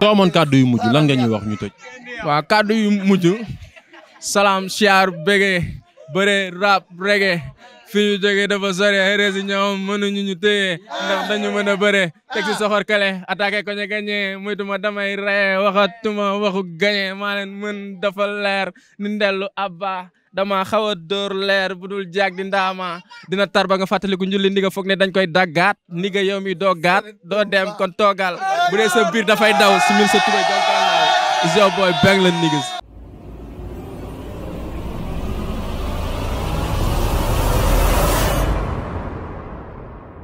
soo amoon kàddu yu mujj lan nga ñuy wax ñu tëj. waaw kàddu yu mujj salam siyaar bëggee bëre rap reggae fi ñu jógee dafa sore xeres yi ñoom mënuñu ñu téye ndax dañu mën a bëre teg si soxor kale attaqué ko ñu gagné muytuma damay reye waxatuma waxu gagné maa mën dafa leer ni ndellu abba dama xaw a dóor leer bu dul jaag di ndaama dina tar ba nga fàttaliku njulli ndiga foog ne dañ koy daggaat ndiga yow mi doo gaat doo dem kon toogal bu sa biir dafay daw si min sa tubay dogal is your boy Bang la niggas